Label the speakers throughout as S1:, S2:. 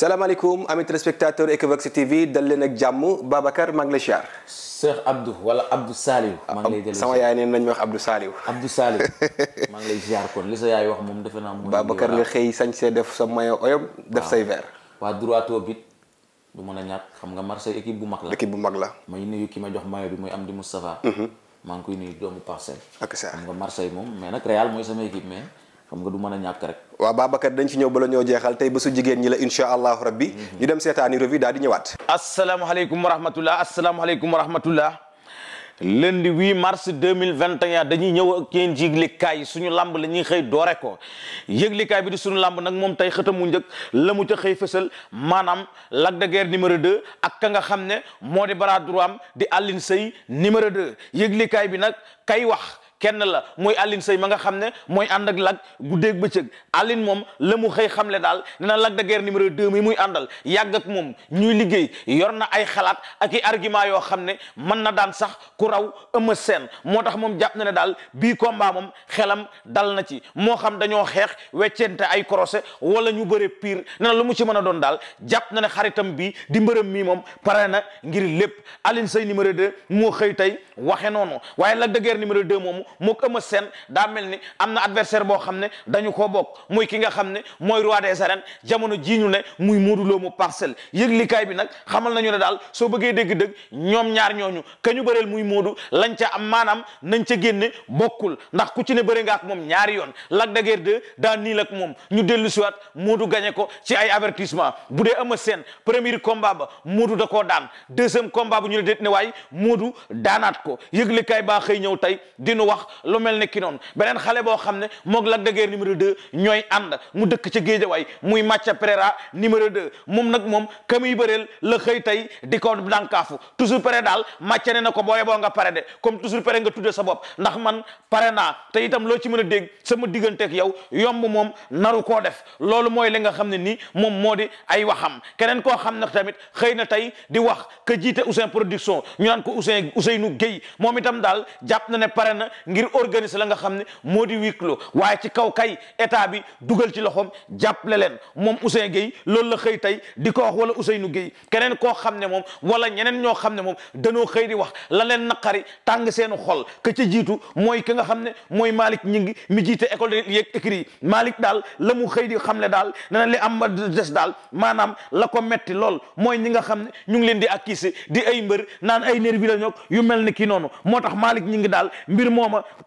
S1: salaamaaleykum amit téléspectateur Equivox TV dal leen ak jàmm Babacar maa ngi lay siyaar. Cheikh Abdou wala Abdou Saliou. Ah, maa ngi sama yaay neen nañ wax Abdou Saliou. Abdou Saliou maa ngi lay siyaar kon li sa yaay wax moom defe naa. mooy Babacar nga xëy sañsee def sa mayo oyom def say verre. waa droit bit
S2: du mën a ñàkk xam nga Marseille équipe bu mag la. équipe bu mag la. may nuyu ki ma jox mayo bi mooy Amdi Moustapha. Mhm. maa ngi koy nuyu doomu parcelle. ak saa xam nga Marseille moom mais nag Real mooy sama équipe mais. xam nga du mën a
S1: ñàkk rek waaw Babacar dañ ci ñëw bala ñoo jeexal tey bésu jigéen ñi la insha allahu rabbi mm-hmm. ñu dem seetaani revue daal di ñëwaat
S2: asalaamaaleykum wa rahmatullah asalaamaaleykum wa rahmatullah lundi 8 mars 2021 dañuy ñëw ak yéen ci yëglikaay suñu làmb la ñuy xëy doore ko yëglikaay bi di suñu làmb nag moom tey xëtamu njëkk la mu ca xëy fësal maanaam Lac de Guiers numéro ak ka nga xam ne moo di bras droit di Alioune Seye numéro 2 yëglikaay bi nag kay wax kenn la mooy Alioune Seye ma nga xam ne mooy ànd ak Lac guddeeg bëccëg Alioune moom la mu xëy xamle daal nee na Lac de Guiers muy àndal yàgg moom ñuy liggéey yor na ay xalaat ak i yoo xam ne mën na daan sax ku raw Eumeu Sène moo tax moom jàpp na ne daal bii combat moom xelam dal na ci moo xam dañoo xeex weccente ay croisé wala ñu bëre pire nee na mu ci mën a doon daal jàpp na ne xaritam bi di mbërëm mi moom pare na ngir lépp Alioune Seye numéro 2 moo xëy tey waxe noonu waaye Lac de Guiers numéro moomu mook Eumeu seen daa mel ni am na adversaire boo xam ne dañu ko bokk muy ki nga xam ne mooy roi des arènes jamono jii ñu ne muy Modou Lo mu parcelle yëglikaay bi nag xamal nañu ne daal soo bëggee dégg-dëgg ñoom ñaar ñooñu ka ñu bëreel muy Modou lañ ca am maanaam nañ ca génne bokkul ndax ku ci ne bëri ngaak moom ñaari yoon Lac de Guiers 2 daa niil ak moom ñu dellu siwaat Modou gagné ko ci ay avertissement bu dee Eumeu Sène premier combat ba Modou da koo daan deuxième combat bu ñu ne déet ne waay daanaat ko yëglikaay baa wax lu mel ne ki noonu beneen xale boo xam ne moog Lac de Guiers numéro 2 ñooy ànd mu dëkk ca Géejawaay muy Macha Pereira numéro 2 moom nag moom ka yi bëreel la xëy tey di ko dànkaafu toujours pare daal Macha ne na ko booye boo nga pare de comme toujours pare nga tudde sa bopp ndax man pare naa te itam loo ci mën a dégg sama digganteek yow yomb moom naru koo def loolu mooy li nga xam ne nii moom moo di ay waxam keneen koo xam ne tamit xëy na tey di wax ka jiite Ouzin Production na ngir organiser la nga xam ne moo di huis clos waaye ci kaw kay état bi dugal ci loxoom jàppale leen moom Ousseyn Gueye loolu la xëy tey di ko wax wala nu Gueye keneen koo xam ne moom wala ñeneen ñoo xam ne moom danoo xëy di wax la leen naqari tàng seenu xol ka jiitu mooy ki nga xam ne mooy Malick Ñingi mi jiite école de yeeg écrit Malick daal la mu xëy di xam le daal na li am des daal maanaam la ko metti lool mooy ñi nga xam ne ñu ngi leen di accuser di ay mbër naan ay nervi la ñoog yu mel ni kii noonu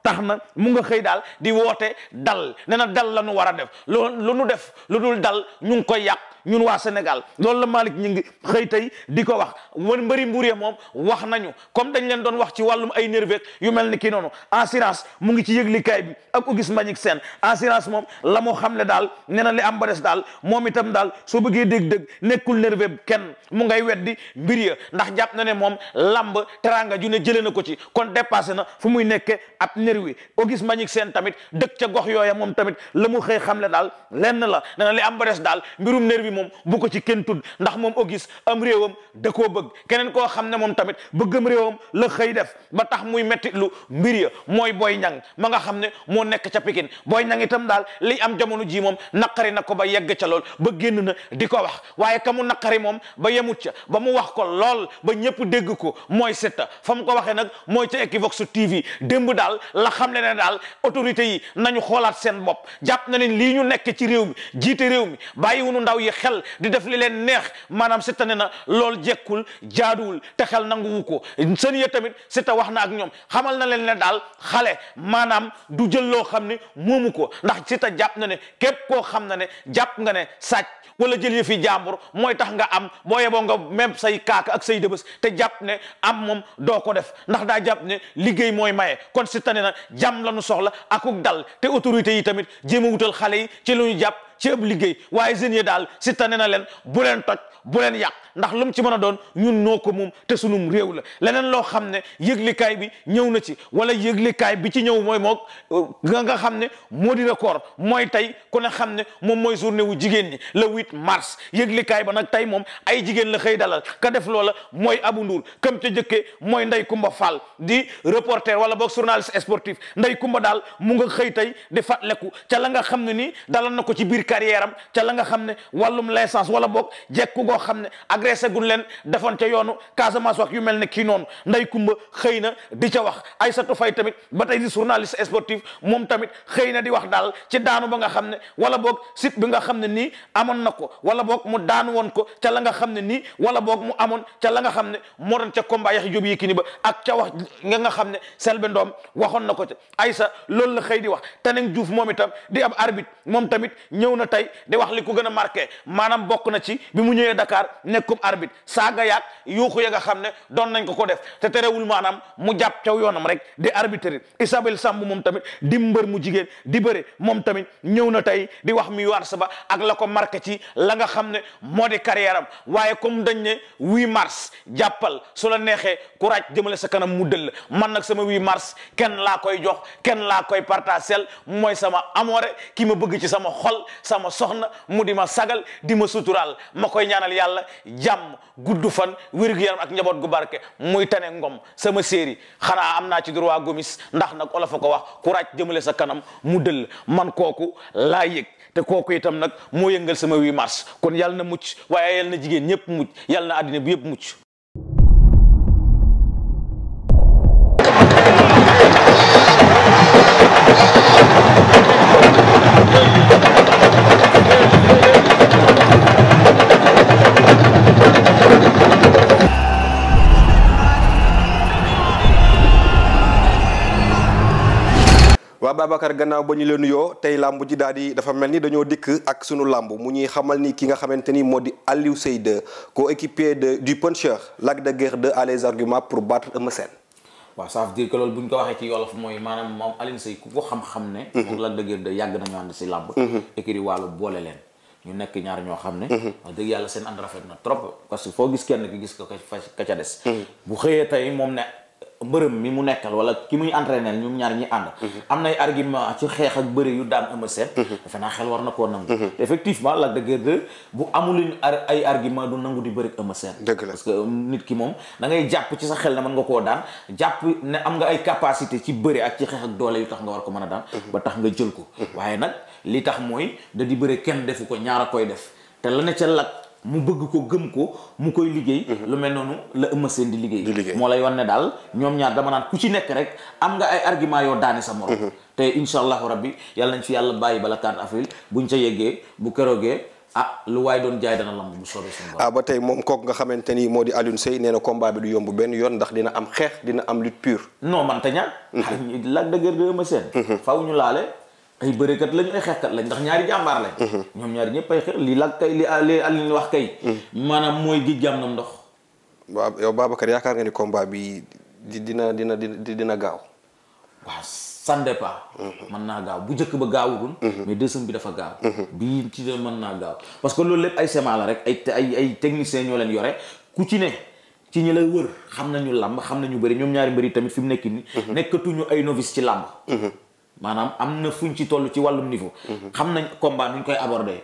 S2: tax na mu nga xëy daal di woote dal ne na dal la nu war a def loo lu nu def lu dul dal ñu ngi koy yàq ñun waa Sénégal loolu la Malick ñu ngi xëy tey di ko wax man mbëri mbuur ya moom wax nañu comme dañ leen doon wax ci wàllum ay nerveux yu mel ni kii noonu assurance mu ngi ci yëglikaay bi ak Auguste Mbagnick seen assurance moom la moo xam ne daal nena na li am ba des daal moom itam daal soo bëggee dégg-dégg nekkul nerveux kenn mu ngay weddi mbir ya ndax jàpp na ne moom lamb teranga ju ne jëlee na ko ci kon dépassé na fu muy nekke ab nerveux Auguste Mbagnick Sène tamit dëkk ca gox yooya moom tamit la mu xëy xam daal lenn la nee li am ba daal mbirum nerveux moom bu ko ci kenn tudd ndax moom Auguste am réewam da koo bëgg keneen koo xam ne moom tamit bëggam réewam la xëy def ba tax muy metti lu mbir ya mooy Boy ñang ma nga xam ne moo nekk ca Pikine Boy Niang itam daal li am jamono ji moom naqari na ko ba yegg ca lool ba génn na di ko wax waaye ka mu naqari moom ba yemut ca ba mu wax ko lool ba ñëpp dégg ko mooy Siteu fa mu ko waxee nag mooy ca Equivox TV démb daal la xam ne ne daal autorité yi nañu xoolaat seen bopp jàpp xel di def li leen neex maanaam Siteu ne na lool jekkul jaaduwul te xel nanguwu ko seen yee tamit Siteu wax na ak ñoom xamal na leen ne daal xale maanaam du jël loo xam ne moomu ko ndax Siteu jàpp na ne képp koo xam ne ne jàpp nga ne sàcc wala jël yëfi jàmbur mooy tax nga am boo yeboo nga même say kaaka ak say dëbës te jàpp ne am moom doo ko def ndax daa jàpp ne liggéey mooy maye kon Siteu ne na jàmm la nu soxla akuk dal te autorité yi tamit jéem a xale yi ci lu jàpp ci ëpp liggéey waaye jeunes yi daal si tane na leen bu leen toj bu leen yàq ndax lu mu ci mën a doon ñun noo ko moom te sunum réew la leneen loo xam ne yëglikaay bi ñëw na ci wala yëglikaay bi ci ñëw mooy moog nga nga xam ne moo di record mooy tey ku ne xam ne moom mooy journée wu jigéen ñi le 8 mars yëglikaay ba nag tey moom ay jigéen la xëy dalal ka def loola mooy Abu Nduur kam ca jëkkee mooy Ndey Kumba Fall di reporter wala boog journaliste sportif Ndey Kumba daal mu nga xëy tey di fàttaliku ca la nga xam ne nii dalal na ko ci biir biir carrière am ca la nga xam ne wàllum licence wala boog jekku goo xam ne agressé gun leen defoon ca yoonu Casamance wax yu mel ne kii noonu nday kumba xëy na di ca wax ay Aïssatou Faye tamit ba tey di journaliste sportif moom tamit xëy na di wax daal ci daanu ba nga xam ne wala boog site bi nga xam ne nii amoon na ko wala boog mu daanu woon ko ca la nga xam ne nii wala boog mu amoon ca la nga xam ne moo doon ca combat yax jóob Yékini ba ak ca wax nga nga xam ne Selbé Ndom na ko ca Aïssa loolu la xëy wax Taneng ñëw na tey di wax li ko gën a marqué maanaam bokk na ci bi mu ñëwee Dakar nekkum arbitre saaga yaag yuuxu ya nga xam ne doon nañ ko ko def te terewul maanaam mu jàpp caw yoonam rek di arbitre Isabel Samb moom tamit di mbër mu jigéen di bëre moom tamit ñëw na tey di wax mi warsa ba ak la ko marqué ci la nga xam ne moo di carrière waaye comme dañ ne 8 mars jàppal su la neexee courage jëmale sa kanam mu dëll man nag sama 8 mars kenn laa koy jox kenn laa koy partagel sama amoore ki ma bëgg ci sama xol sama soxna mu di ma sagal di ma suturaal ma koy ñaanal yàlla jàmm gudd fan wér-gu-yaram ak njaboot gu barke muy tane ngom sama séeri xanaa am naa ci droit gomis ndax nag olof a ko wax ku ràcc jëmale sa kanam mu dëll man kooku laa yëg te kooku itam nag moo yëngal sama wii mars kon yàlla na mucc waaye yàlla na jigéen ñëpp mucc yàlla na àddina bi yëpp mucc
S1: Babacar gannaaw ba ñu leen nuyoo tey làmb ji daal di dafa mel ni dañoo dikk ak sunu làmb mu ñuy xamal ni ki nga xamante ni moo di Aliou Seye 2 coéquipier de du puncher Lac de Guiers 2 a les arguments pour battre Eumeu Sène
S2: waaw ça veut bu ñu ko waxee ci wolof mooy maanaam moom Aliou Seye ku ko xam-xam ne mhm. moom Lac de Guiers 2 yàgg nañu ànd si làmb mhm. écurie Walo boole leen ñu nekk ñaar ñoo xam ne mhm. wax dëgg yàlla seen ànd rafet na trop parce foo gis kenn ki gis ko ka mbërëm mi mu nekkal wala ki muy entraîné ñoom ñaar ñi ànd am nay argument ci xeex ak bëri yu daan Eumeu Sène defe naa xel war na koo nangu mhm. di bëri ak Eumeu Sène dëgg la parce que euh, nit ki moom da ngay jàpp ci sa xel ne man nga koo daan jàpp ne am nga ay capacité ci bëri ak ci xeex ak doole yu tax nga war ko man a daan mhm. ba tax nga jël ko mhm. waaye nag li tax mooy da di bëri kenn defu ko ñaar a koy def te la ne ca Lac mu bëgg ko gëm ko mu koy liggéey. Mhm. lu mel noonu la Eumeu Sène di liggéey. di moo lay wan ne daal ñoom ñaar dama naan ku ci nekk rek am nga ay argument yoo daane sa morom. Mhm. te incha allahu rabbi yàlla nañ fi yàlla bàyyi bala 4 avril buñ ca yeggee bu keroogee. ah lu waaye doon jaay dana lamb bu soobee suñu
S1: ah ba tey moom kooku nga xamante ni moo di Alioune Seye nee na combat bi du yomb benn yoon ndax dina am xeex dina am lutte pure.
S2: non man te ñaan.
S1: Mhm. ay bërekat lañ ay xeexkat lañ ndax ñaari jàmbaar lañ mm-hmm. ñoom ñaari ñëpp ay xeex li lak kay li li Alioune wax kay mm-hmm. maanaam mooy gij jàm nam ndox waaw yow Babacar yaakaar nga ni combat bi di dina dina di dina gaaw waaw ça mm-hmm. naa gaaw bu njëkk ba gaawutul mais bi dafa gaaw
S2: bii ci mën naa gaaw parce que loolu lépp ay sema la rek ay ay ay ñoo leen yore ku ci ne ci ñi lay wër xam nañu làmb xam nañu bëri ñoom ñaari mbëri tamit fi mu nekk ni nekkatuñu ay novice ci làmb maanaam am na fuñ ci toll ci wàllum niveau. xam nañ combat ñu koy abordé.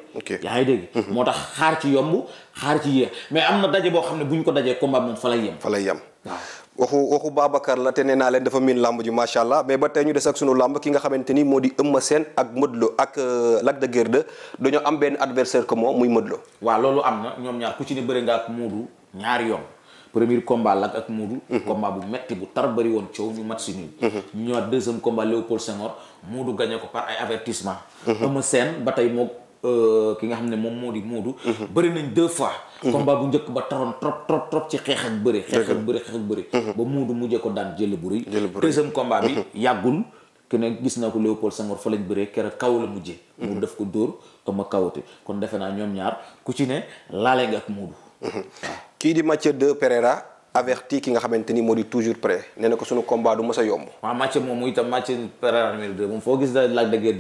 S2: yaa ngi dégg. Mhm. moo tax xaar ci yomb xaar ci yéex mais am na daje boo xam ne buñ ko dajee combat moom fa lay yem.
S1: fa lay yem waaw. waxu waxu Babacar la te nee naa leen dafa miin làmb ji macha allah mais ba tey ñu des ak sunu làmb ki nga xamante ni moo di Eumeu seen ak Modou Lo ak euh, Lac de Guiers 2 am benn adversaire ko moom muy Modou Lo.
S2: waaw loolu am na ñoom ñaar ku ci ne bëri nga ak Modou ñaari yoon. premier combat Lac ak Modou. Mhm. combat bu metti bu tar bëri woon coow ñu match nul. Mhm. ñu ñëwaat deuxième combat Léopold Senghor Modou gagné ko par ay avertissement. Mhm. Eumeu Sène ba tey moom euh, ki nga xam ne moom moo di Modou. bëri nañ deux fois. combat bu njëkk ba taroon trop trop trop ci xeex ak bëri. xeex ak bëri xeex ak bëri. ba Modou mujjee ko daan jël bu rëy. deuxième combat bi yàggul. ke ne gis naa ko Léopold Senghor fa lañ bëree keroog kaw la mujjee. mu def ko dóor
S1: ëmma kawate kon defe naa ñoom ñaar ku ci ne laale nga ak Modou. kii di Mathieu de Pereira averti ki nga xamante ni moo di toujours prêt nee na ko sunu combat du mës a yomb.
S2: waaw Mathieu moom muy tam Mathieu Pereira numéro 2 moom foo gis la Lac de mhm.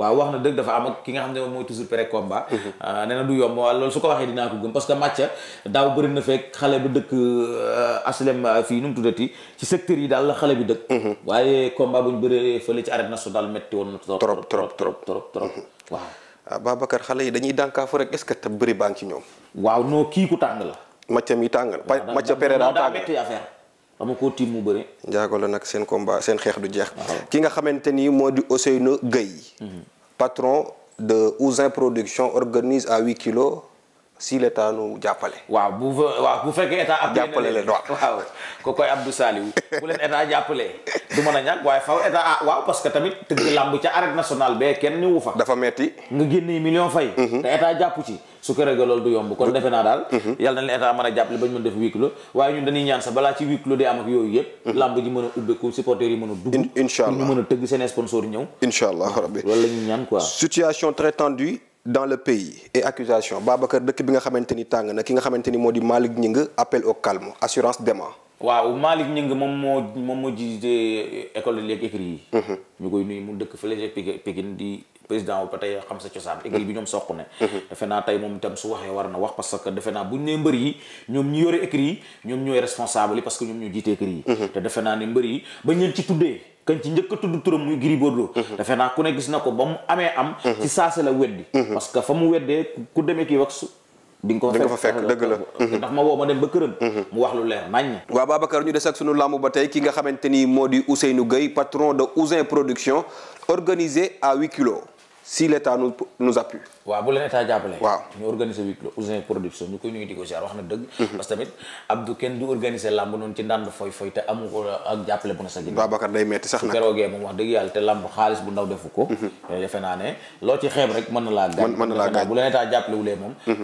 S2: am ne moom mooy toujours prêt combat. Mhm. Ah, nee na du yomb xale bu dëkk aslem euh, euh, fii nu mu tuddati ci secteur yi daal xale bi dëkk.
S1: Mhm. waaye combat bu ñu bëree fële ci arène nationale metti woon na. trop trop trop trop trop. waaw. ah Babacar xale yi dañuy dànkaafu rek est-ce que te bëri baa ngi ci ñoom. waaw non kii ku tàng la. Mathia mi tàngal na. waaw Mathia Pereira tàng na
S2: xam
S1: nga koo mu bëri. njaago la nag seen combat seen xeex du jeex. ki nga xamante ni moo di Ousseynou Gueye. Mhm. patron de Ousin production organise à huit kilo si l'état nu jàppale. waaw bu
S2: waaw bu fekkee état. jàppale leen waaw ko koy Abdou Saliou bu leen état jàppalee du mën a ñàkk waaye faw état ah waaw parce tamit tëgg làmb ca arène nationale bee kenn ñëwu fa. dafa metti nga génnee million fay. Mhm. te état jàpp ci su ko réglé loolu du yomb kon defe naa daal. Mhm. yàlla na leen état mën a jàppale ba ñu mën def huis clos waaye ñun dañuy ñaan sax balaa ci huis clos di am yooyu yëpp. Mhm. làmb ji mën a ubbeeku supporters
S1: yi mën a dugg. dans le pays et accusation Babacar dëkk bi nga xamante ni tàng na ki nga xamante ni moo di Malick Gningue appel au calme assurance dema
S2: waaw Malick Gningue moom moo moom moo jiite école de l'écrit yi mhm. ñu koy nuyu mu dëkk fële Pikine di président ba tey xam sa cosaan mhm. écrit bi ñoom soq ne mhm. defe naa tey moom itam su waxee war na wax parce que defe naa buñ ne mbër yi ñoom ñu yore écrit yi ñoom ñooy responsable yi parce que ñoom ñoo jiite écrit yi te kañ ci njëkk a tudd turam muy Gris Bordeaux mhm. defe naa ku ne gis na ko ba mu amee am mhm. ci saase
S1: la weddi mhm. parce que fa mu weddee ku demee kii wax di ko fa fekk dëgg la ndax ma woo ma dem ba këram mu wax lu leer nañ waaw Babacar ñu des ak sunu làmb ba tey ki nga xamante ni moo di Ousseynou Gueye patron de Ousin Production organisé a huit kilo si l' état nous nous appuie.
S2: waaw bu leen état jàppale. waaw ñu organiser huis di ko wax na dëgg. Mhm. parce que tamit kenn du organiser làmb noonu ci ndànd foy foy te amu ko ak jàppale bu ndaw defu ko. Mhm. Eh, mhm.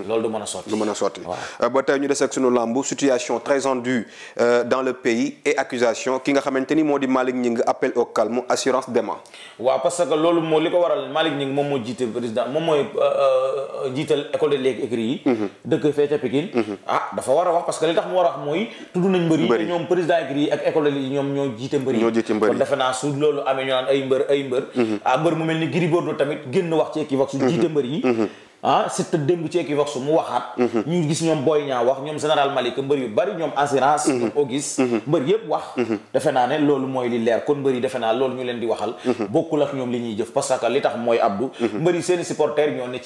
S2: loolu du mën a
S1: sotti euh, ba tey ñu des ak sunu làmb situation très endue euh, dans le pays et accusation ki nga xamante ni moo di Malick appel au calme assurance demain.
S2: waaw parce que loolu moo li ko waral Malick moom moo jiite président moom mooy euh, euh, jiital école de léegi écrit yi mhm. dëkk fee ca mhm. ah dafa war a wax parce que li tax mu war a wax mooy tudd nañ mbër yi te ñoom président écrit yi ak école de ñoom ñoo jiite mbër yi kon defe naa su loolu amee ñu naan ay mbër ay mbër mhm. ah mbër mu mel ni Gris Bordeaux tamit génn wax ci Equivox su jiite mbër yi ah Siteu démb ci Equivox mu waxaat mhm. ñu gis ñoom Boy ñaa wax ñoom général Malick mbër yu bari ñoom assurance mhm. ñoom Ogis mhm. mbër yëpp wax defe naa ne loolu mooy li leer kon mbër defe naa loolu ñu leen di waxal bokkul ak ñoom li ñuy jëf parce que li tax mooy Abdou mbër yi seeni supporters ñoo ne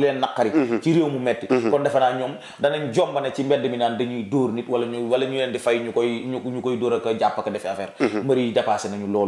S2: leen naqari ci réew mu defe naa ñoom danañ jomba ne ci mbedd naan dañuy dóor wala wala ñu leen di ñu koy ñu ñu koy dóor ak jàpp ak defe affaire mbër yi dépassé nañu la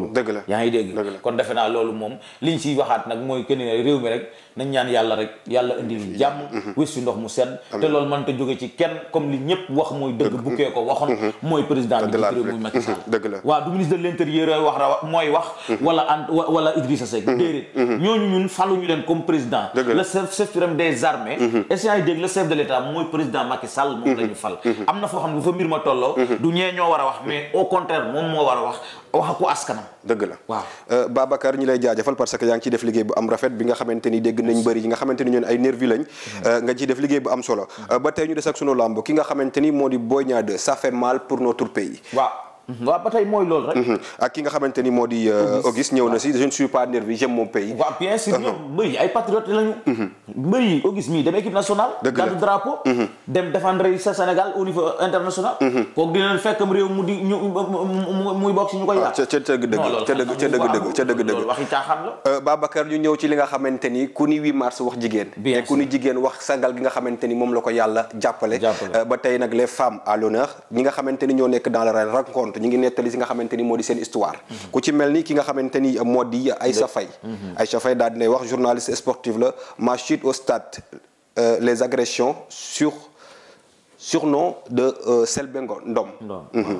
S2: yaa ngi dégg kon defe naa loolu moom liñ ciy waxaat nag mooy kenn réew mi rek nañ ñaan yàlla rek yàlla indi ñu jàmm mhm. Mhm. wis yu ndox mu sedd te loolu mën ta jóge ci kenn comme li ñëpp wax mooy dëgg bukkee ko waxoon mhm. mooy président bi réew muy Macky Sall dëgg la waaw du ministre de l'intérieur wax rawa mooy wax wala ant wala Idrissa ñooñu ñun faluñu leen comme président le chef suprême des armées essayé dégg le chef de l'état mooy président Macky Sall moom la fal am na foo xam ne bu fa mbir ma tolloo du ñee ñoo war a wax mais au contraire moom moo war a wax wax ko askanam.
S1: dëgg la waaw. Euh, Babacar ñi lay jaajëfal parce que yaa ngi ciy def liggéey bu am rafet bi nga xamante ni dégg nañ bëri yi nga xamante ni ñoon ay nervi lañ. Euh, nga ciy def liggéey bu am solo. Euh, ba tey ñu des ak sunu làmb ki nga xamante ni moo di Boy Niang 2 ça fait mal pour notre pays.
S2: waaw. Mhm. waaw ba tey mooy lool rek. Mhm.
S1: ak ki nga xamante ni moo di. Euh, Auguste ñëw na si je ne suis pas nerveux j'aime mon pays. waaw bien sûr ñoom
S2: uh-huh. mbër ay patriotes lañu. Mhm. mbër Auguste mii dem équipe nationale. dëgg la gàddu drapeau. dem défendre sa Sénégal au niveau international.
S1: kooku dina leen fekk réew mu di ñu muy bokk si ñu koy. waaw ah, ca ca dëgg dëgg ca dëgg dëgg ca dëgg dëgg. waxi euh, ñu ñëw ci li nga xamante ni ku ni 8 mars wax jigéen. bien ku ni jigéen wax sangal gi nga xamante ni moom la ko yàlla jàppale. Euh, ba tey nag les femmes à l'honneur ñi nga xamante ni ñoo nekk dans la raconté ñu ngi nettali si nga xamante ni moo di seen histoire ku ci mel ni ki nga xamante ni moo di Aïcha mhm. Faye daal dinay wax journaliste sportive la ma chute au stade euh, les agressions sur surnom de euh, Selbé Ndom. Mhm.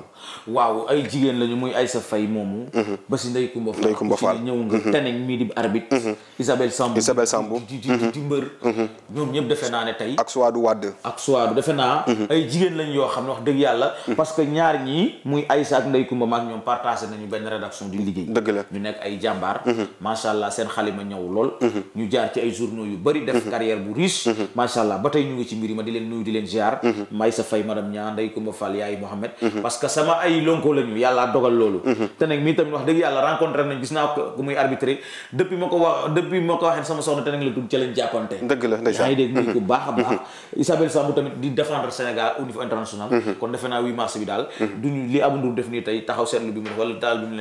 S1: waaw
S2: ay jigéen lañu muy Aïssa Faye moomu. Mhm. ba si Ndeye Kumba Fall Ndeye Kumba Fall ñëw nga. Mhm. Teneng mii di arbitre. Isabelle Sambou Isabelle Sambou. di di di mbër. ñoom ñëpp defe naa ne tey. ak Suwaadu Wade. ak Suwaadu defe naa. ay jigéen lañ yoo xam ne wax dëgg yàlla. parce que ñaar ñii muy Aïssa ak Ndeye Kumba maak ñoom partagé nañu benn rédaction di liggéey. ñu nekk ay jàmbaar. macha allah seen xalima ñëw lool. ñu jaar ci ay journaux yu bari. def carrière bu riche. macha allah ba tey di leen nuyu di leen ziar may sa fay madame ñaa nday kumba yaay Mohamed mhm. parce que sama ay lonko la yàlla dogal loolu mhm. te mii tamit wax dëgg yàlla rencontré nañ gis naa ko muy arbitré depuis ma ko waxee sama soxna te la tudd ca lañ jàppante dëgg la ndeysaan yaa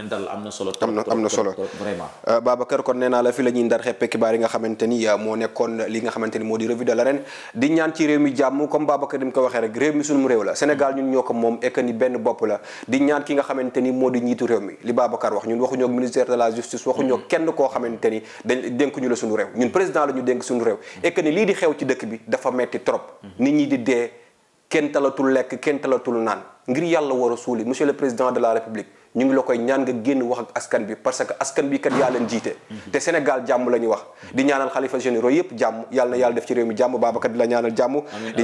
S1: mhm. a am na solo am na am na solo vraiment euh, kon nee la fi la ndar xeppe xibaar yi nga xamante euh, moo nekkoon li nga xamante moo di revue de l'arène di ñaan ci réew mi jàmm comme Babacar ni mu ko waxee waxee rek réew mi suñu réew la Sénégal ñun ñoo ko moom et que benn bopp la di ñaan ki nga xamante ni moo di njiitu réew mi li Babacar wax ñun waxuñoo ak ministère de la justice waxuñoo mm-hmm. kenn koo xamante ni dañ dénk ñu la suñu réew ñun président la ñu dénk suñu réew mm-hmm. et que ni lii di xew ci dëkk bi dafa metti trop mm-hmm. nit ñi di dee kenn talatul lekk kenn talatul naan ngir yàlla war a suuli monsieur le président de la république ñu ngi la koy ñaan nga génn wax ak askan bi parce que askan bi kat yaa leen jiite te Sénégal jàmm la wax di ñaanal xalifa généraux yëpp jàmm yàlla na di la ñaanal jàmm di ko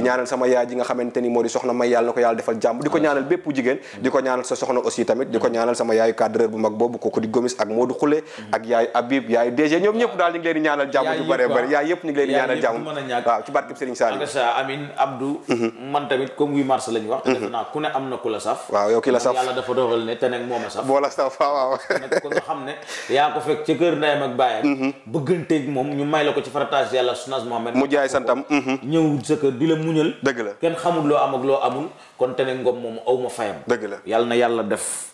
S1: ñaanal sama yaayu cadreur bu mag boobu kooku di Gomis ak Modou Khoule ak yaayu Habib yaayu DG ñoom ñëpp daal ñu ngi leen ñaanal jàmm bare bare yaay yëpp ñu ngi leen ñaanal jàmm
S2: waaw ci barkeb Serigne Saliou mhm. mhm. waaw yow ki saf ma sax boo la sax waaw. nag ko nga xam ne yaa ko fekk ca kër ndeyam ak baayam. Mm-hmm. bëgganteeg moom ñu may la ko ci farataas yàlla sunas Mohamed. mu jaay santam. Mm-hmm. ñëw sa kër di la muñal. dëgg la kenn xamul loo am ak loo amul kon te ne ngom moom aw ma fayam. dëgg la yàlla na yàlla def.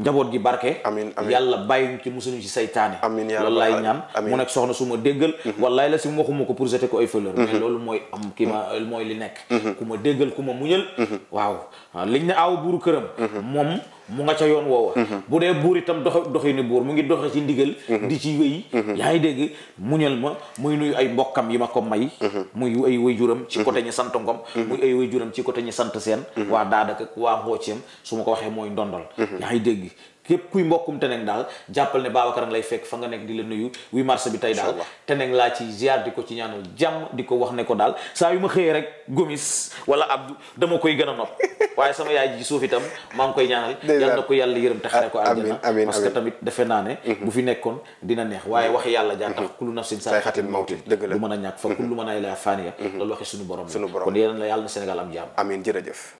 S2: njaboot gi barke amiin amiin yàlla bàyyi ci musuñu ci saytaane amiin yàlla wallaay ñaan mu nekk soxna suma déggal mm-hmm. wallaay la si mu waxuma ko pour jeter ko ay fleur mais loolu mooy am kii ma mooy li nekk ku ma déggal ku ma muñal waaw liñ ne aaw buuru këram moom mu nga ca yoon woowa mhm. bu dee buur itam dox doxi ni buur mu ngi doxe ci ndigal mhm. di ci wéy mhm. yaa ngi dégg muñal ma muy nuyu ay mbokkam yi ma ko may muy ay way juram ci côté ñi sant ngom muy ay way juram ci côté ñi sant seen waa daadaka waa ngooceem su ma ko waxee mooy ndondol yaa dégg képp kuy mbokkum teneng daal jàppal ne Babacar nga lay fekk fa nga nekk di la nuyu 8 mars bi tey daal teneng laa ci ziar di ko ci ñaanal jàmm di ko wax ne ko daal saa yu ma xëyee rek gomis wala abdu dama koy gën a nopp waaye sama yaay ji suuf itam maa koy ñaanal yal na ko yàlla yërëm te xare ko àjjana parce que tamit mhm. mhm. mhm. mën a ñàkk fa kullu mën ay la faaniya loolu waxe suñu borom kon yéen la yàlla na Sénégal am jàmm